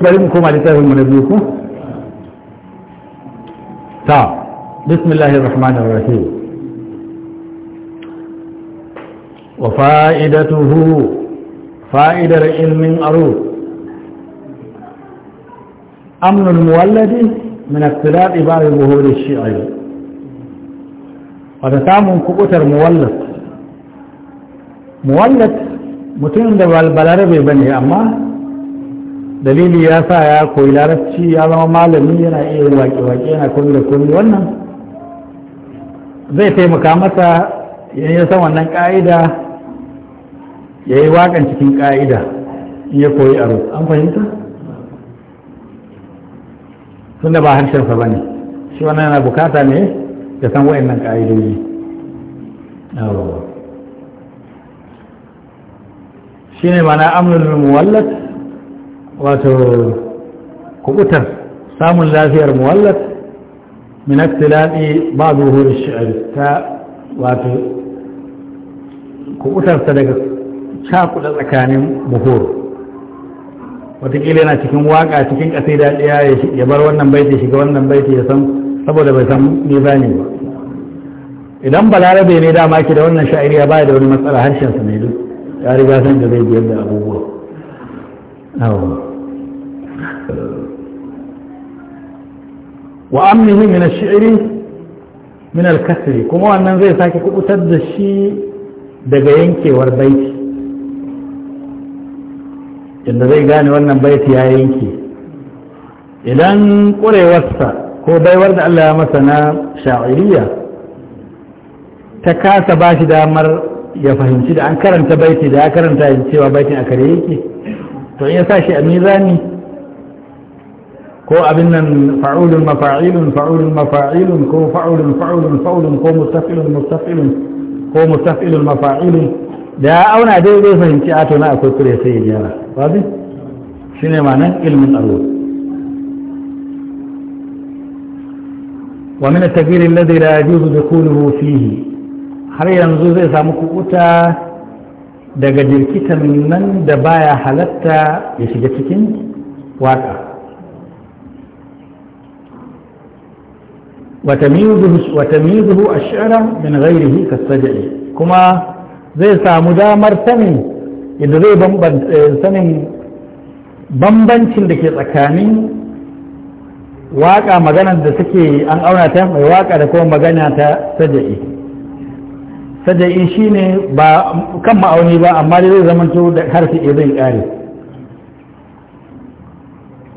bari mu koma littafin mu na biyu ku ta bismillahir rahmanir rahim wa fa'idatuhu fa'idar ilmin aro أمن المولد من اقتلاط بعض ظهور الشيعي وتتامن كبتر مولد مولد متن دبال بلاربي بني أما dalili ya sa ya koyi larabci ya zama malami yana iya waƙe-waƙe yana komi da komi wannan zai taimaka masa yayin ya san wannan ƙa'ida ya yi waƙan cikin ƙa'ida in ya koyi aro an fahimta sun da ba harshensa ba ne shi wannan yana bukata ne ya san wa'annan ƙa'idoji shi ne mana amurin muwallat wato kubutar samun lafiyar muwallat min aktilabi ba zuhur shi'ari ta wato kubutarsa daga cakuɗa tsakanin buhuru watakila yana cikin waka cikin kasida ɗaya ya bar wannan baiti shiga wannan baiti ya san saboda bai san mizani ba idan balarabe ne dama ki da wannan sha'iriya baya da wani matsala harshen sa ne duk ya riga san da zai biyar da abubuwa wa amnihi min ash-shi'ri min al-kasri kuma wannan zai sake kubutar da shi daga yankewar baiti inda zai gane wannan baiti ya yanke idan kurewarsa ko baiwar da Allah ya masa na sha'iriya ta kasa ba shi damar ya fahimci da an karanta baiti da ya karanta cewa baitin a kare yake to in ya sa shi a mizani ko abin nan fa'ulun mafa'ilun fa'ulun mafa'ilun ko fa'ulun fa'ulun fa'ulun ko mustafilun mustafilun ko mustafilun mafa'ilun da ya auna dai zai fahimci a tona akwai kure sai ya gyara wazi shine ma'anar ilmin aro ومن التكبير الذي لا يجوز دخوله فيه har yanzu zai samu kukuta daga jirkitan nan da baya halatta ya shiga cikin waka wa tamyizuhu ash-shara min ghayrihi kas-saj'i kuma zai samu damar sanin sanin bambancin da ke tsakanin waƙa magana da suke an auna ta mai waƙa da kuma magana ta saja'i saja'i shine ba kan ma'auni ba amma dai zai zamanto da harfi zai ƙare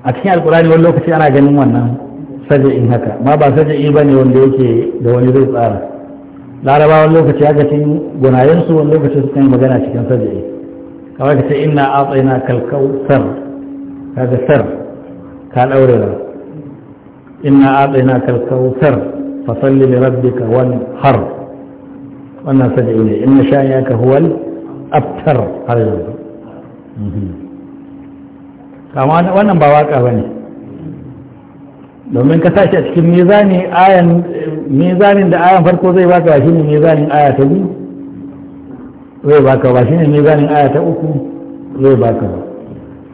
a cikin alƙulani wani lokaci ana ganin wannan saje in haka ma ba saje ba bane wanda yake da wani zai tsara larabawan lokaci haka cikin gunayensu wani lokaci suka yi magana cikin saja'i kawai ka ce ina a tsayina kalkau sar kaga sar ka ɗaure ba ina atsaina tsayina kalkau sar fasalli da rabbika wani har wannan saje ne ina sha ya ka huwal abtar har yanzu kama mhm. wannan ba waka ba ne domin ka tashi a cikin mizani ayan mizanin da ayan farko zai baka ba shine mizanin aya ta biyu zai baka ba shine mizanin aya ta uku zai baka ba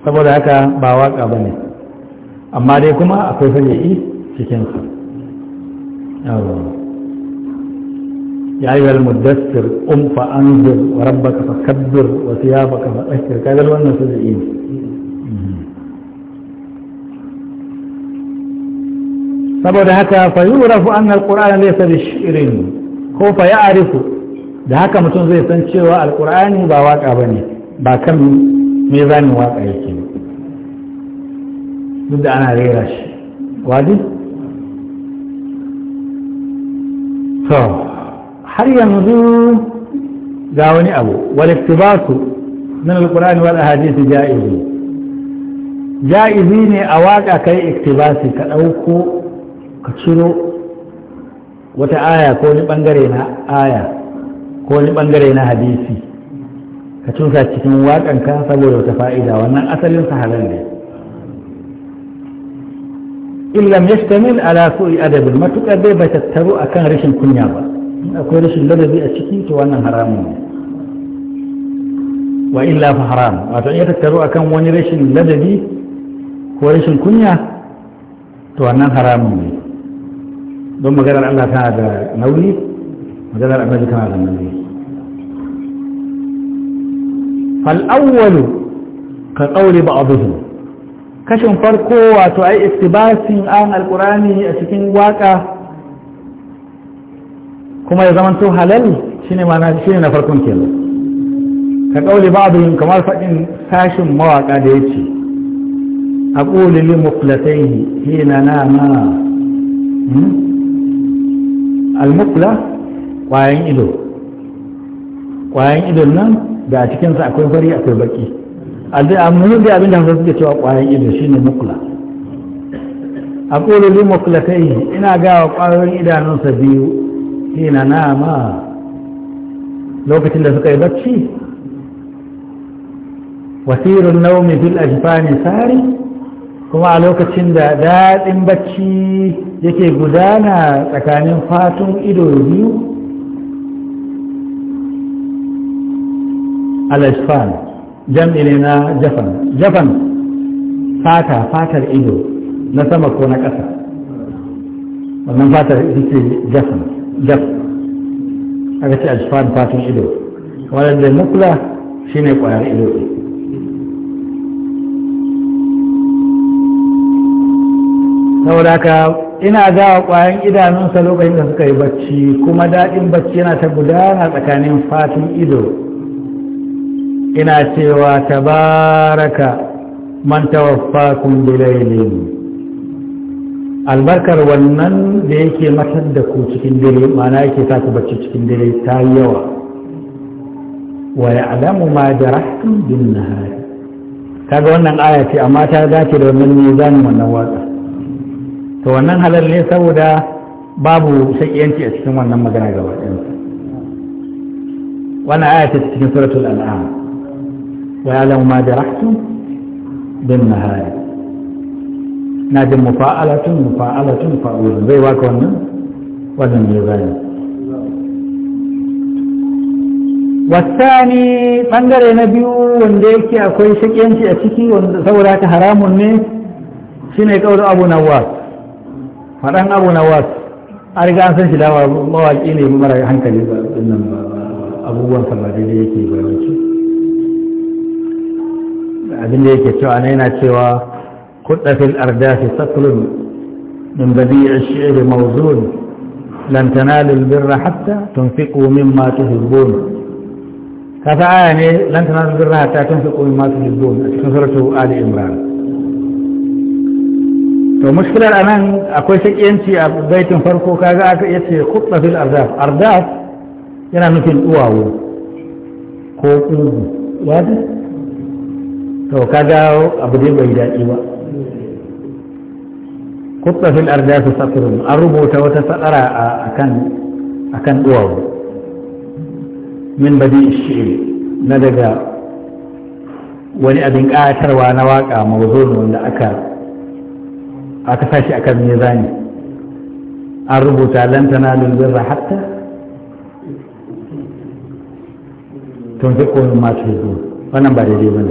saboda haka ba waka ba ne amma dai kuma akwai yi Ya fayya'i cikinsa يا أيها wasu ya baka وربك فكبر وثيابك فأشتر wannan sanya yi. saboda haka fa yurafu anna alqur'ana laysa bishirin ko fa ya'rifu da haka mutum zai san cewa alqur'ani ba waka bane ba kan mezanin waka yake duk da ana rera shi wadi to har yanzu ga wani abu wal iktibasu min alqur'ani wal ahadith jaizi jaizi ne a waka kai iktibasi ka dauko ka ciro wata aya ko wani bangare na aya ko wani bangare na hadisi ka cusa cikin waƙanka saboda wata fa'ida wannan asalin halal ne illam yashtamil ala su'i adabin matuƙar dai bai tattaro akan rashin kunya ba akwai rashin ladabi a ciki to wannan haramun ne wa illa fa haram wato ya tattaru akan wani rashin ladabi ko rashin kunya to wannan haramun ne don maganar Allah tana da nauyi maganar annabi tana da nauyi fal'awwalu awwalu ka qawli ba'dihim kashin farko wato ai istibasin an alqurani a cikin waka kuma ya zamanto halal shine ma'ana shine na farkon kenan ka qawli ba'dihim kamar fadin sashin mawaka da ya ce a ƙoli yace أقول لمقلتيه na ناما almukula ƙwayan ido ƙwayan idon nan da a cikinsa akwai fari akwai baki a muhim da abin da hausa suke cewa ƙwayan ido shine mukula a ƙololin mukula kai ina gawa ƙwayoyin idanunsa biyu na nama lokacin da suka yi bacci wasirun naumi fil ajfani sari kuma a lokacin da daɗin bacci yake gudana tsakanin fatun ido biyu alashfan jam'i ne na jafan jafan fata fatar ido na sama ko na ƙasa wannan fatar ita ce jafan jaf aka ce alashfan fatun ido wadanda nukula shine ƙwayar ido ka ina a ƙwayan idanunsa lokacin da suka yi bacci kuma daɗin bacci yana ta gudana tsakanin fatin ido ina cewa tabaraka man tawaffakum bilailin albarkar wannan da yake matar da ku cikin dare mana yake sa ku bacci cikin dare ta yi yawa wa ya'lamu ma jarahtum bin Ta kaga wannan aya ce amma ta dace da wannan ne zan wannan watsa. to wannan halar ne saboda babu shakiyanci a cikin wannan magana gaba ɗayansa wani aya ce cikin suratul al'am wa ya'lamu ma rahtun bin nahari na jin mufa'alatun mufa'alatun fa'ulun zai waka wannan wannan ne zai wasani bangare na biyu wanda yake akwai shakiyanci a ciki wanda saboda ta haramun ne shine kaulin abu nawas faɗan abu na wasu a riga an san shi dama mawaƙi ne mara hankali ba nan abubuwan samari da yake bayanci abin da yake cewa na yana cewa kuɗafin ardafi saklun min badi'i shi'ri mawzun lan tanalu albirra hatta tunfiqu mimma tuhibbun kasa aya ne lan tanalu albirra hatta tunfiqu mimma tuhibbun a cikin suratu ali imran to mushkilar a nan akwai shakiyanci a baitin farko kaga aka iya ce kuɗa fil ardaf ardaf yana nufin duwawo ko ƙugu wata to kaga abu dai bai daɗi ba kuɗa fil ardaf safirin an rubuta wata sadara a kan akan duwawo min badi shi na daga wani abin ƙayatarwa na waƙa mawuzon wanda aka aka tashi akan mizani an rubuta lan tanalu birra hatta tunfiqu mimma tuhibbu wannan ba daidai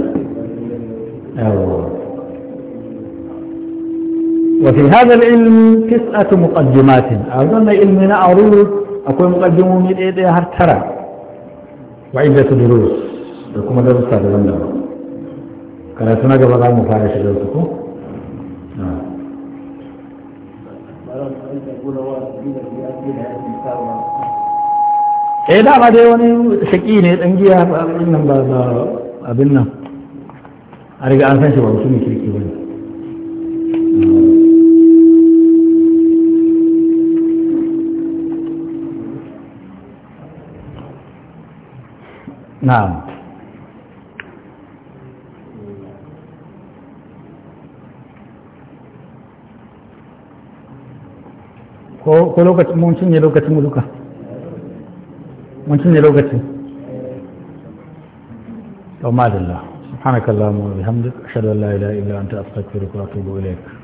وفي هذا العلم تسعة مقدمات أظن علمنا أعروض أكون مقدمون من إيدي هرترى وعدة دروس لكم درس هذا كانت هناك أن نفارش لكم eh dama dai wani shaki ne dan giya abin nan ba abin nan a riga an san shi ba wasu ne kirki ba ne نعم ko lokacin mun cinye lokacin mu duka mun cinye lokacin to madalla subhanakallahumma wa bihamdika ashhadu an la ilaha illa anta astaghfiruka wa atubu ilaik